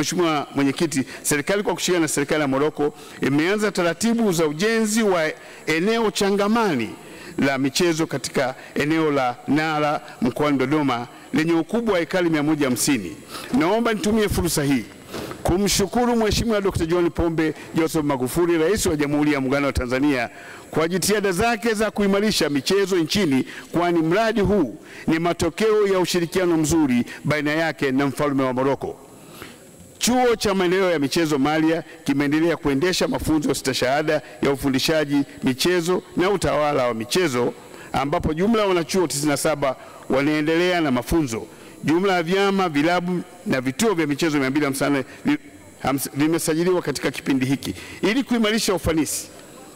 Mheshimiwa Mwenyekiti, serikali kwa kushirikiana na serikali ya Moroko imeanza taratibu za ujenzi wa eneo changamani la michezo katika eneo la Nala mkoani Dodoma lenye ukubwa wa ekari 150. Naomba nitumie fursa hii kumshukuru Mheshimiwa Dr. John Pombe Joseph Magufuli, Rais wa Jamhuri ya Muungano wa Tanzania kwa jitihada zake za kuimarisha michezo nchini, kwani mradi huu ni matokeo ya ushirikiano mzuri baina yake na mfalme wa Moroko. Chuo cha Maendeleo ya Michezo Malya kimeendelea kuendesha mafunzo stashahada ya ufundishaji michezo na utawala wa michezo ambapo jumla ya wanachuo 97 wanaendelea na mafunzo. Jumla ya vyama, vilabu na vituo vya michezo 254 vimesajiliwa katika kipindi hiki ili kuimarisha ufanisi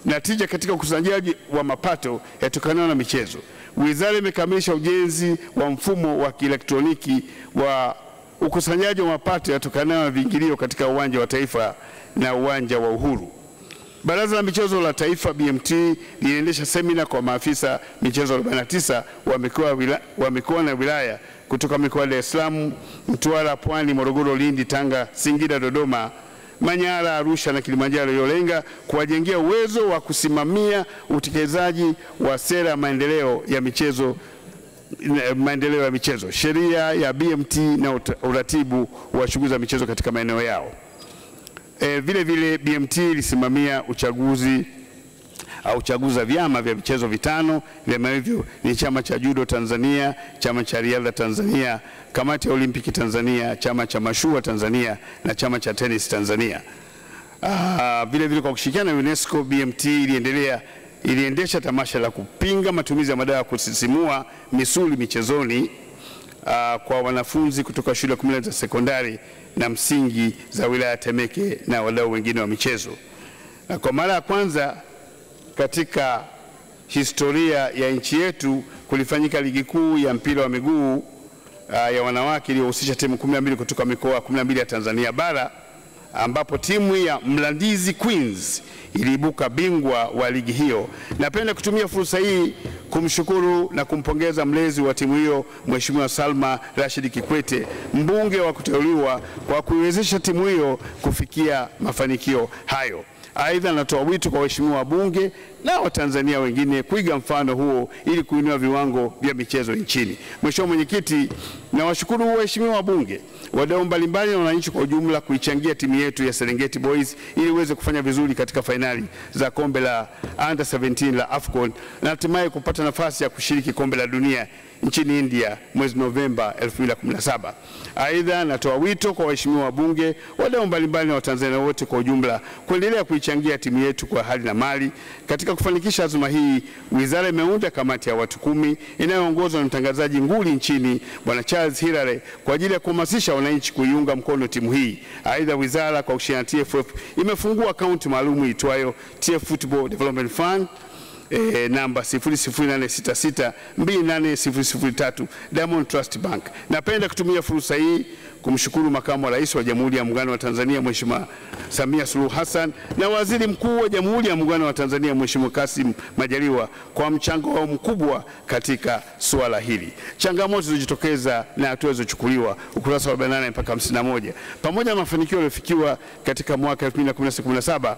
na tija katika ukusanyaji wa mapato yatokanayo na michezo. Wizara imekamilisha ujenzi wa mfumo wa kielektroniki wa Ukusanyaji wa mapato yatokanayo na viingilio katika uwanja wa Taifa na uwanja wa Uhuru. Baraza la Michezo la Taifa BMT liliendesha semina kwa maafisa michezo 49 wa mikoa wa mikoa na wilaya kutoka mikoa ya Dar es Salaam, Mtwara, Pwani, Morogoro, Lindi, Tanga, Singida, Dodoma, Manyara, Arusha na Kilimanjaro iliyolenga kuwajengea uwezo wa kusimamia utekelezaji wa sera ya maendeleo ya michezo Eh, maendeleo ya michezo, sheria ya BMT na uratibu wa shughuli za michezo katika maeneo yao. E, vile vile BMT ilisimamia uchaguzi au chaguzi vyama vya michezo vitano. Vyama hivyo ni chama cha judo Tanzania, chama cha riadha Tanzania, kamati ya olimpiki Tanzania, chama cha mashua Tanzania na chama cha tenis Tanzania. Aa, ah, vile vile kwa kushirikiana na UNESCO, BMT iliendelea iliendesha tamasha la kupinga matumizi ya madawa ya kusisimua misuli michezoni uh, kwa wanafunzi kutoka shule 14 za sekondari na msingi za wilaya Temeke na wadau wengine wa michezo. Na kwa mara ya kwanza katika historia ya nchi yetu kulifanyika ligi kuu ya mpira wa miguu uh, ya wanawake iliyohusisha timu 12 kutoka mikoa 12 ya Tanzania bara ambapo timu ya Mlandizi Queens iliibuka bingwa wa ligi hiyo. Napenda kutumia fursa hii kumshukuru na kumpongeza mlezi wa timu hiyo Mheshimiwa Salma Rashid Kikwete, mbunge wa kuteuliwa, kwa kuiwezesha timu hiyo kufikia mafanikio hayo. Aidha, natoa wito kwa waheshimiwa wabunge na Watanzania wengine kuiga mfano huo ili kuinua viwango vya michezo nchini. Mheshimiwa Mwenyekiti, nawashukuru waheshimiwa wabunge, wadau mbalimbali na wananchi kwa ujumla kuichangia timu yetu ya Serengeti Boys ili iweze kufanya vizuri katika fainali za kombe la under 17 la AFCON na hatimaye kupata nafasi ya kushiriki kombe la dunia nchini India mwezi Novemba 2017. Aidha, natoa wito kwa waheshimiwa wabunge, wadau mbalimbali na Watanzania wote kwa ujumla kuendelea kuichangia timu yetu kwa hali na mali katika kufanikisha azma hii, wizara imeunda kamati ya watu kumi inayoongozwa na mtangazaji nguli nchini Bwana Charles hirare kwa ajili ya kuhamasisha wananchi kuiunga mkono timu hii. Aidha, wizara kwa kushirikiana na TFF imefungua akaunti maalum itwayo TF Football Development Fund e, namba 0086628003 Diamond Trust Bank. Napenda kutumia fursa hii kumshukuru Makamu wa Rais wa Jamhuri ya Muungano wa Tanzania Mheshimiwa Samia Suluhu Hassan na Waziri Mkuu wa Jamhuri ya Muungano wa Tanzania Mheshimiwa Kassim Majaliwa kwa mchango wao mkubwa katika suala hili. Changamoto zilizojitokeza na hatua zilizochukuliwa ukurasa wa 48 mpaka 51 pamoja na mafanikio yaliyofikiwa katika mwaka 2016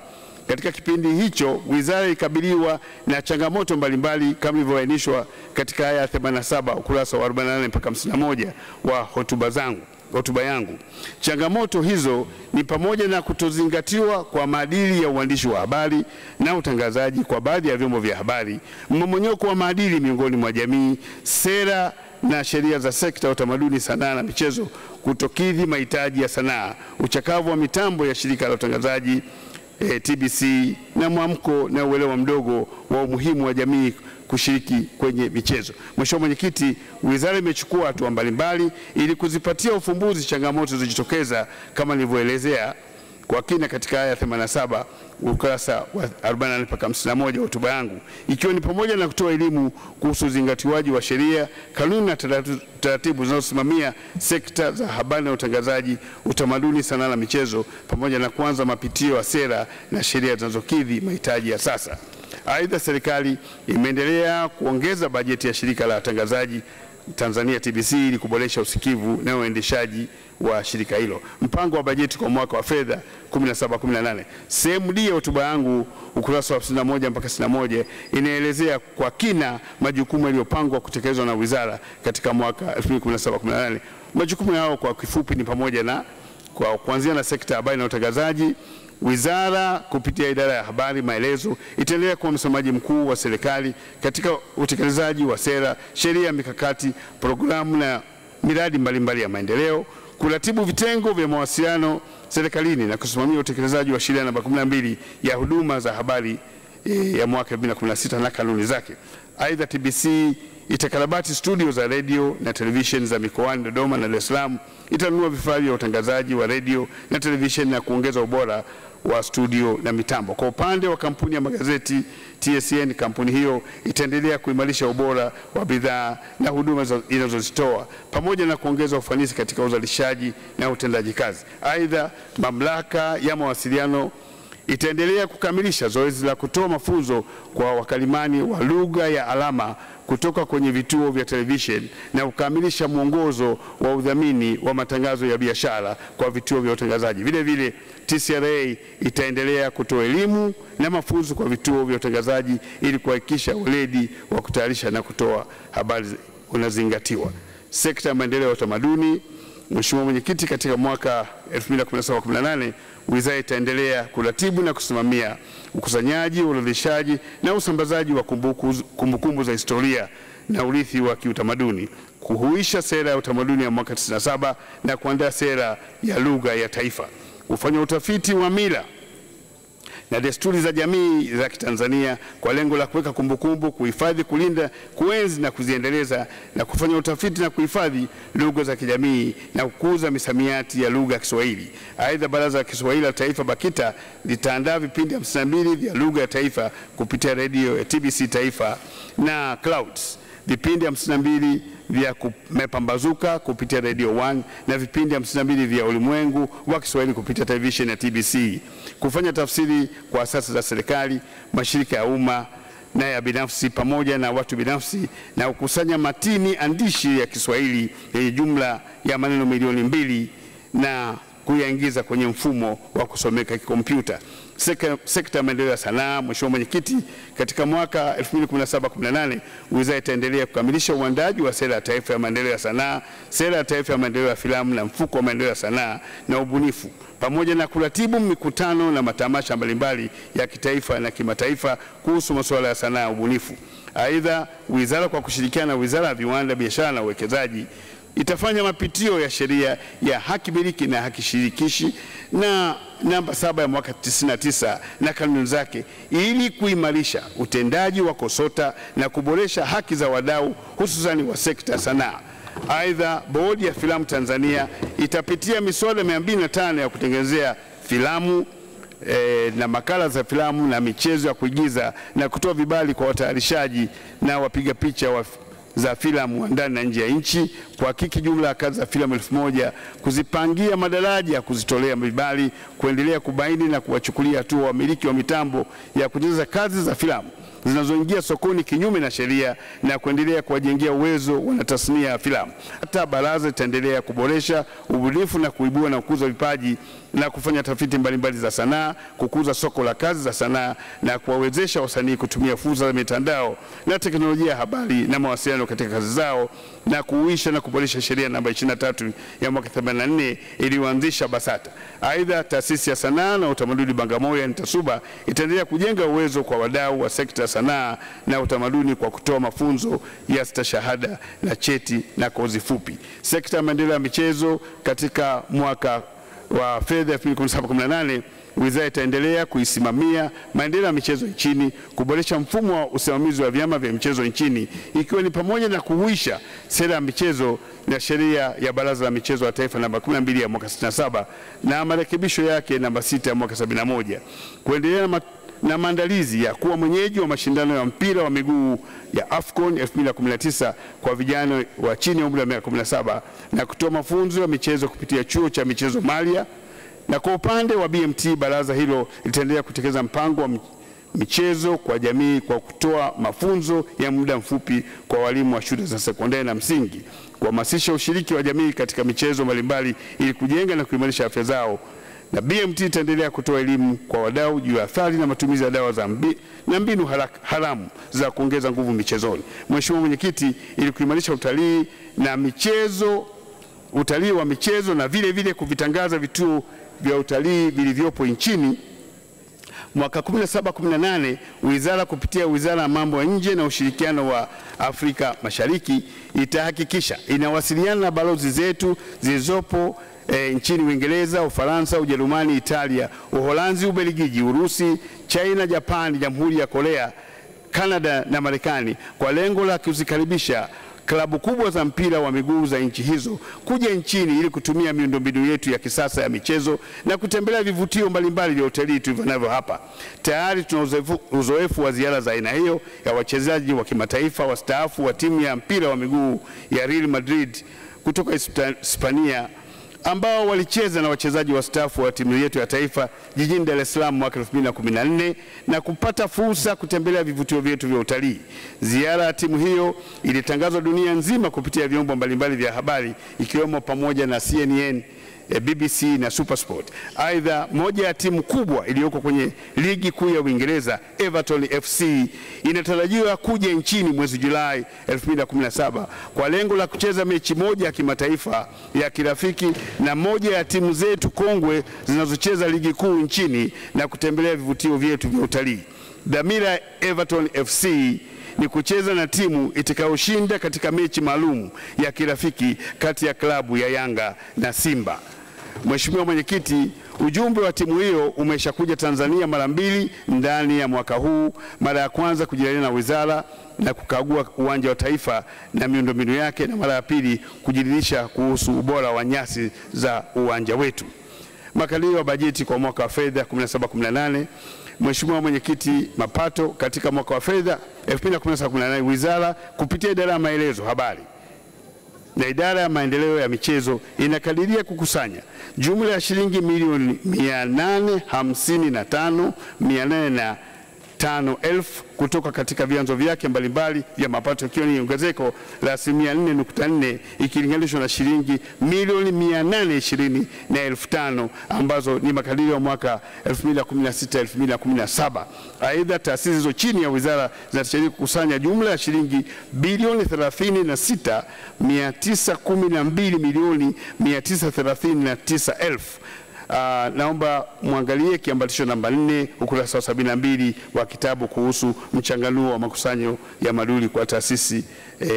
katika kipindi hicho wizara ilikabiliwa na changamoto mbalimbali kama ilivyoainishwa katika aya ya 87 ukurasa wa 48 mpaka 51 wa hotuba zangu hotuba yangu. Changamoto hizo ni pamoja na kutozingatiwa kwa maadili ya uandishi wa habari na utangazaji kwa baadhi ya vyombo vya habari, mmomonyoko wa maadili miongoni mwa jamii, sera na sheria za sekta ya utamaduni, sanaa na michezo, kutokidhi mahitaji ya sanaa, uchakavu wa mitambo ya shirika la utangazaji e, eh, TBC na mwamko na uelewa mdogo wa umuhimu wa jamii kushiriki kwenye michezo. Mheshimiwa Mwenyekiti, wizara imechukua hatua mbalimbali ili kuzipatia ufumbuzi changamoto zilizojitokeza kama nilivyoelezea kwa kina katika aya 87 ukurasa wa 44 mpaka 51 wa hotuba yangu, ikiwa ni pamoja na kutoa elimu kuhusu uzingatiwaji wa sheria, kanuni na taratibu zinazosimamia sekta za habari na utangazaji, utamaduni, sanaa na michezo, pamoja na kuanza mapitio ya sera na sheria zinazokidhi mahitaji ya sasa. Aidha, serikali imeendelea kuongeza bajeti ya shirika la watangazaji Tanzania TBC ili kuboresha usikivu na uendeshaji wa shirika hilo. Mpango wa bajeti kwa mwaka wa fedha 17 18. Sehemu D ya hotuba yangu ukurasa wa 51 mpaka 61 inaelezea kwa kina majukumu yaliyopangwa kutekelezwa na wizara katika mwaka 2017 18. Majukumu yao kwa kifupi ni pamoja na kwa kuanzia na sekta ya habari na utangazaji Wizara kupitia idara ya habari, maelezo itaendelea kuwa msemaji mkuu wa serikali katika utekelezaji wa sera, sheria, mikakati, programu na miradi mbalimbali mbali ya maendeleo, kuratibu vitengo vya mawasiliano serikalini na kusimamia utekelezaji wa sheria namba 12 ya huduma za habari eh, ya mwaka 2016 na kanuni zake. Aidha, TBC itakarabati studio za redio na televisheni za mikoani Dodoma na Dar es Salaam, itanunua vifaa vya utangazaji wa redio na televisheni na kuongeza ubora wa studio na mitambo. Kwa upande wa kampuni ya magazeti TSN, kampuni hiyo itaendelea kuimarisha ubora wa bidhaa na huduma inazozitoa pamoja na kuongeza ufanisi katika uzalishaji na utendaji kazi. Aidha, mamlaka ya mawasiliano itaendelea kukamilisha zoezi la kutoa mafunzo kwa wakalimani wa lugha ya alama kutoka kwenye vituo vya television na kukamilisha mwongozo wa udhamini wa matangazo ya biashara kwa vituo vya utangazaji. Vile vile TCRA itaendelea kutoa elimu na mafunzo kwa vituo vya utangazaji ili kuhakikisha weledi wa kutayarisha na kutoa habari unazingatiwa. Sekta ya maendeleo ya utamaduni Mheshimiwa Mwenyekiti, katika mwaka 2017 2018 wizara itaendelea kuratibu na kusimamia ukusanyaji, uorodheshaji na usambazaji wa kumbukumbu kumbu za historia na urithi wa kiutamaduni, kuhuisha sera ya utamaduni ya mwaka 97 na kuandaa sera ya lugha ya taifa, kufanya utafiti wa mila na desturi za jamii za Kitanzania kwa lengo la kuweka kumbukumbu, kuhifadhi, kulinda, kuenzi na kuziendeleza na kufanya utafiti na kuhifadhi lugha za kijamii na kukuza misamiati ya lugha ya Kiswahili. Aidha, Baraza la Kiswahili la Taifa BAKITA litaandaa vipindi 52 vya lugha ya taifa kupitia redio ya TBC Taifa na Clouds vipindi 52 vya kumepambazuka kupitia Radio 1 na vipindi 52 vya Ulimwengu wa Kiswahili kupitia televisheni ya TBC, kufanya tafsiri kwa asasi za serikali, mashirika ya umma na ya binafsi pamoja na watu binafsi na kukusanya matini andishi ya Kiswahili yenye jumla ya maneno milioni mbili na kuyaingiza kwenye mfumo wa kusomeka kikompyuta sekta ya maendeleo ya sanaa. Mheshimiwa Mwenyekiti, katika mwaka 2017-18 wizara itaendelea kukamilisha uandaji wa sera ya taifa ya maendeleo ya sanaa, sera ya taifa ya maendeleo ya filamu na mfuko wa maendeleo ya sanaa na ubunifu pamoja na kuratibu mikutano na matamasha mbalimbali ya kitaifa na kimataifa kuhusu masuala ya sanaa ya ubunifu. Aidha, wizara kwa kushirikiana na Wizara ya Viwanda, Biashara na Uwekezaji itafanya mapitio ya sheria ya haki miliki na haki shirikishi na namba saba ya mwaka 99 na kanuni zake ili kuimarisha utendaji wa KOSOTA na kuboresha haki za wadau hususani wa sekta ya sanaa. Aidha, bodi ya filamu Tanzania itapitia miswada 205 ya kutengenezea filamu e, na makala za filamu na michezo ya kuigiza na kutoa vibali kwa watayarishaji na wapiga picha wa za filamu ndani na nje ya nchi, kuhakiki jumla ya kazi za filamu elfu moja, kuzipangia madaraja, kuzitolea vibali, kuendelea kubaini na kuwachukulia hatua wamiliki wa mitambo ya kucheza kazi za filamu zinazoingia sokoni kinyume na sheria na kuendelea kuwajengea uwezo wana tasnia ya filamu. Hata baraza litaendelea kuboresha ubunifu na kuibua na kukuza vipaji na kufanya tafiti mbalimbali za sanaa, kukuza soko la kazi za sanaa na kuwawezesha wasanii kutumia fursa za mitandao na teknolojia ya habari na mawasiliano katika kazi zao na kuuisha na kuboresha sheria namba 23 ya mwaka 84 iliyoanzisha BASATA. Aidha, taasisi ya sanaa na utamaduni Bagamoyo yani TASUBA itaendelea kujenga uwezo kwa wadau wa sekta ya sanaa na utamaduni kwa kutoa mafunzo ya stashahada na cheti na kozi fupi. Sekta ya maendeleo ya michezo katika mwaka wa fedha 2017/18 wizara itaendelea kuisimamia maendeleo ya michezo nchini, kuboresha mfumo wa usimamizi wa vyama vya michezo nchini, ikiwa ni pamoja na kuhuisha sera ya michezo na sheria ya Baraza la Michezo la Taifa namba 12 ya mwaka 67 na marekebisho yake namba 6 ya mwaka 71, kuendelea na na maandalizi ya kuwa mwenyeji wa mashindano ya mpira wa miguu ya AFCON 2019 kwa vijana wa chini ya umri wa miaka 17 na kutoa mafunzo ya michezo kupitia chuo cha michezo Malia. Na kwa upande wa BMT, baraza hilo litaendelea kutekeleza mpango wa michezo kwa jamii kwa kutoa mafunzo ya muda mfupi kwa walimu wa shule za sekondari na msingi, kuhamasisha ushiriki wa jamii katika michezo mbalimbali ili kujenga na kuimarisha afya zao na BMT itaendelea kutoa elimu kwa wadau juu ya athari na matumizi ya dawa za mbi, na mbinu haramu za kuongeza nguvu michezoni. Mheshimiwa Mwenyekiti, ili kuimarisha utalii na michezo, utalii wa michezo na vile vile kuvitangaza vituo vya utalii vilivyopo nchini mwaka 17 18 wizara kupitia wizara ya mambo ya nje na ushirikiano wa Afrika Mashariki itahakikisha inawasiliana na balozi zetu zilizopo e, nchini Uingereza, Ufaransa, Ujerumani, Italia, Uholanzi, Ubelgiji, Urusi, China, Japani, Jamhuri ya Korea, Kanada na Marekani kwa lengo la kuzikaribisha klabu kubwa za mpira wa miguu za nchi hizo kuja nchini ili kutumia miundombinu yetu ya kisasa ya michezo na kutembelea vivutio mbalimbali vya utalii tulivyonavyo hapa. Tayari tuna uzoefu, wa ziara za aina hiyo ya wachezaji wa kimataifa wastaafu wa timu ya mpira wa miguu ya Real Madrid kutoka Hispania ambao walicheza na wachezaji wastaafu wa timu yetu ya taifa jijini Dar es Salaam mwaka 2014 na kupata fursa kutembelea vivutio vyetu vya utalii. Ziara ya timu hiyo ilitangazwa dunia nzima kupitia vyombo mbalimbali vya habari ikiwemo pamoja na CNN ya eh, BBC na SuperSport. Aidha, moja ya timu kubwa iliyoko kwenye ligi kuu ya Uingereza, Everton FC, inatarajiwa kuja nchini mwezi Julai 2017 kwa lengo la kucheza mechi moja ya kimataifa ya kirafiki na moja ya timu zetu kongwe zinazocheza ligi kuu nchini na kutembelea vivutio vyetu vya utalii. Dhamira ya Everton FC ni kucheza na timu itakayoshinda katika mechi maalum ya kirafiki kati ya klabu ya Yanga na Simba. Mheshimiwa Mwenyekiti, ujumbe wa timu hiyo umeshakuja Tanzania mara mbili ndani ya mwaka huu, mara ya kwanza kujadiliana na wizara na kukagua uwanja wa taifa na miundombinu yake, na mara ya pili kujiridhisha kuhusu ubora wa nyasi za uwanja wetu. Makadirio ya bajeti kwa mwaka wa fedha 17 18 Mheshimiwa Mwenyekiti, mapato katika mwaka wa fedha 2018 wizara kupitia idara ya maelezo habari na idara ya maendeleo ya michezo inakadiria kukusanya jumla ya shilingi milioni 855,800 tano elfu kutoka katika vyanzo vyake mbalimbali vya mapato ikiwa ni ongezeko la asilimia 4.4 ikilinganishwa na shilingi milioni ishirini na elfu tano ambazo ni makadirio ya mwaka 2016 2017. Aidha, taasisi zilizo chini ya wizara zinatarajiwa kukusanya jumla ya shilingi bilioni 36 912 milioni 939 elfu Ah, naomba mwangalie kiambatisho namba nne ukurasa wa sabini na mbili wa kitabu kuhusu mchanganuo wa makusanyo ya maduli kwa taasisi e,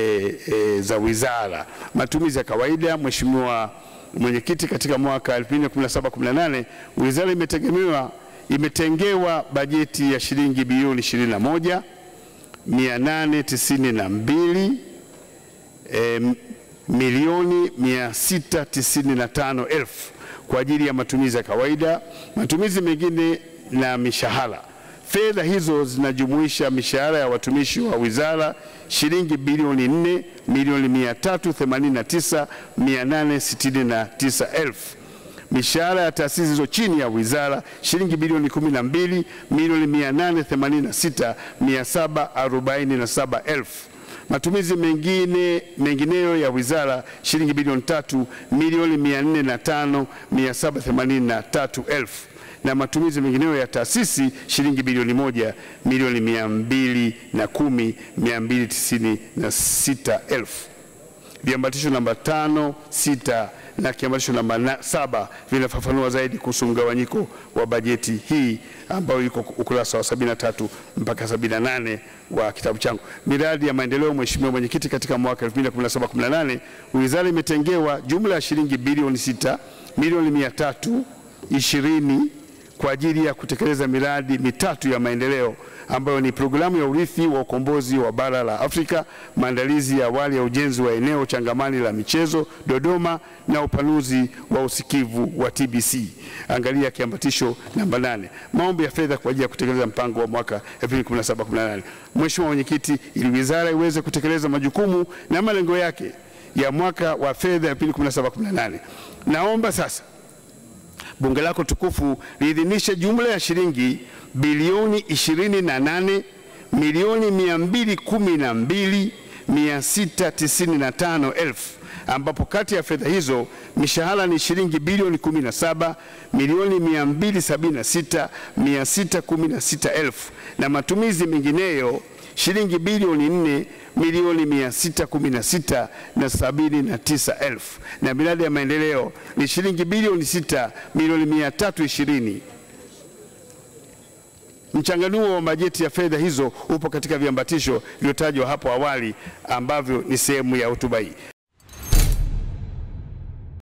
e, za wizara. Matumizi ya kawaida, Mheshimiwa Mwenyekiti, katika mwaka 2017/18 wizara imetegemewa imetengewa bajeti ya shilingi bilioni 21 892 e, milioni 695 elfu kwa ajili ya matumizi ya kawaida, matumizi mengine na mishahara. Fedha hizo zinajumuisha mishahara ya watumishi wa wizara shilingi bilioni 4 milioni 389,869 elfu mishahara ya taasisi zilizo chini ya wizara shilingi bilioni 12 milioni 886,747 elfu Matumizi mengine mengineyo ya wizara shilingi bilioni tatu milioni mia nne na tano mia saba themanini na tatu elfu na matumizi mengineyo ya taasisi shilingi bilioni moja milioni mia mbili na kumi mia mbili tisini na sita elfu. Viambatisho namba tano sita na kiambatisho namba na, saba vinafafanua zaidi kuhusu mgawanyiko wa bajeti hii ambayo iko ukurasa wa 73 mpaka 78 wa kitabu changu. Miradi ya maendeleo, Mheshimiwa Mwenyekiti, katika mwaka 2017-18 wizara imetengewa jumla ya shilingi bilioni 6 milioni ishirini kwa ajili ya kutekeleza miradi mitatu ya maendeleo ambayo ni programu ya urithi wa ukombozi wa bara la Afrika, maandalizi ya awali ya ujenzi wa eneo changamani la michezo Dodoma na upanuzi wa usikivu wa TBC. Angalia kiambatisho namba nane. Maombi ya fedha kwa ajili ya kutekeleza mpango wa mwaka 2017 2018 Mheshimiwa Mwenyekiti, ili wizara iweze kutekeleza majukumu na malengo yake ya mwaka wa fedha 2017 2018 naomba sasa bunge lako tukufu liidhinishe jumla ya shilingi bilioni 28 milioni 212 695 elfu ambapo kati ya fedha hizo mishahara ni shilingi bilioni 17 milioni 276 616 elfu na matumizi mengineyo shilingi bilioni nne milioni mia sita kumi na sita na sabini na tisa elfu na miradi ya maendeleo ni shilingi bilioni sita milioni mia tatu ishirini. Mchanganuo wa bajeti ya fedha hizo upo katika viambatisho vilivyotajwa hapo awali ambavyo ni sehemu ya hotuba hii.